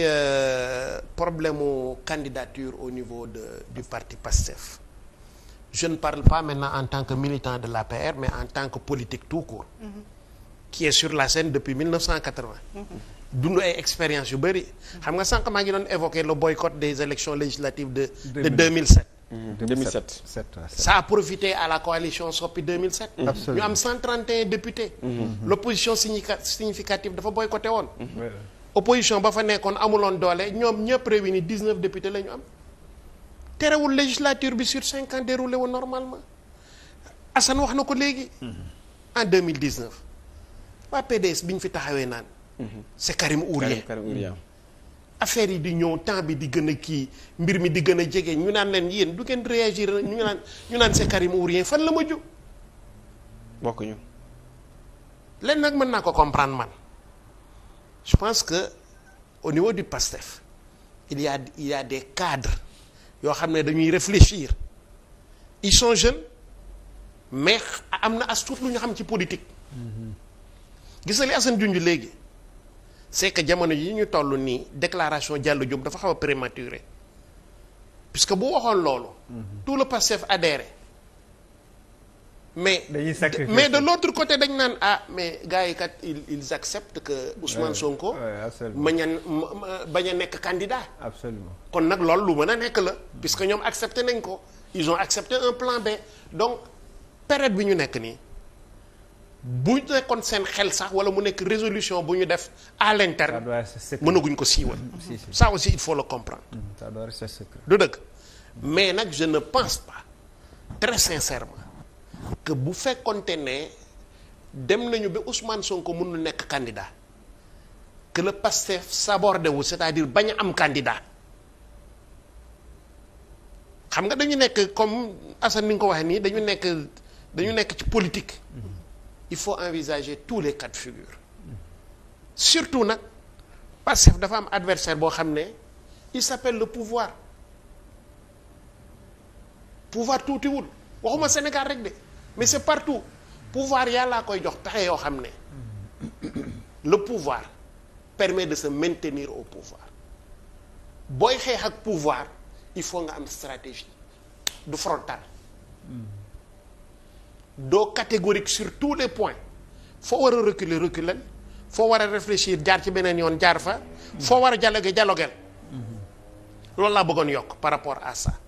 Euh, problème mu candidature au niveau de du parti PASTEF je ne parle pas maintenant en tant que militant de l'APR mais en tant que politique tout court. Mm-hmm. qui est sur la scène depuis 1980. Mm-hmm. dund ay expérience yu bëri. xam nga sànq maa ngi doon évoquer le boycott des élections législatives de. de 2007. 2007 mm-hmm. ça a profité à la coalition Sopi 2007. ñu am 131 députés. significative dafa boycotté woon. opposition ba fa nekkoon amuloon doole ñoom ñëpp réunis 19 députés la ñu am terewul législature bi sur cinq ans déroulé wu normalement Assane wax na ko léegi. Mhm. en 2019 waa PDS bi ñu fi taxawee naan. Mhm. c'est Karim Ourien Karim Ourien. affaire yi di ñëw temps bi di gën a kii mbir mi di gën a jege ñu naan leen yéen du ngeen réagir ñu naan ñu naan c'est Karim Ourien fan la ma ju bokk ñu. nag mën naa ko comprendre man. je pense que au niveau du PASTEF il y a il y a des cadres yoo xam ne dañuy réfléchir ils sont jeunes mais am na as tuut lu ñu xam ci politique. gis nga li Assane junj léegi c'est que jamono yi ñu toll nii déclaration Diallo Diop dafa xaw a prématuré puisque bu waxoon loolu. Mhm. tout le PASTEF adhéré. mais mais de l'autre côté dañ naan ah mais gars yi kat ils ils acceptent que Ousmane Sonko. maña bañ a nekk candidat. absolument kon nag loolu lu mën a nekk la. puisque ñoom accepté nañ ko ils ont accepté un plan B donc période bi ñu nekk nii bu nekkoon seen xel sax wala mu nekk résolution bu ñu def à l'interne. mënaguñ ko siiwal. saa aussi il faut le comprendre. ça doit rester secret. du dëgg mais nag je ne pense pas très sincèrement. que bu fekkonte ne dem nañu ba Ousmane ko mënul nekk candidat que le Pastef saborde wu c'est-à-dire bañ am candidat xam nga dañu nekk comme assan ni nga ko waxee nii dañu nekk dañu nekk ci politique il faut envisager tous les cas de surtout nag Pastef dafa am adversaire boo xam ne il s'appelle le pouvoir pouvoir tuutiwul waxuma Sénégal rek de. mais c'est partout pouvoir yàllaa koy jox taxe yoo xam ne le pouvoir permet de sa maintenir au pouvoir booy xeex ak pouvoir il faut nga am stratégie du frontal doo catégorique sur tous les points foo war a reculer reculer foo war a réfléchir jaar ci beneen yoon jaar fa foo war a jaloge dialoguer mm-hmm. loolu laa bëggoon yokk par rapport à ça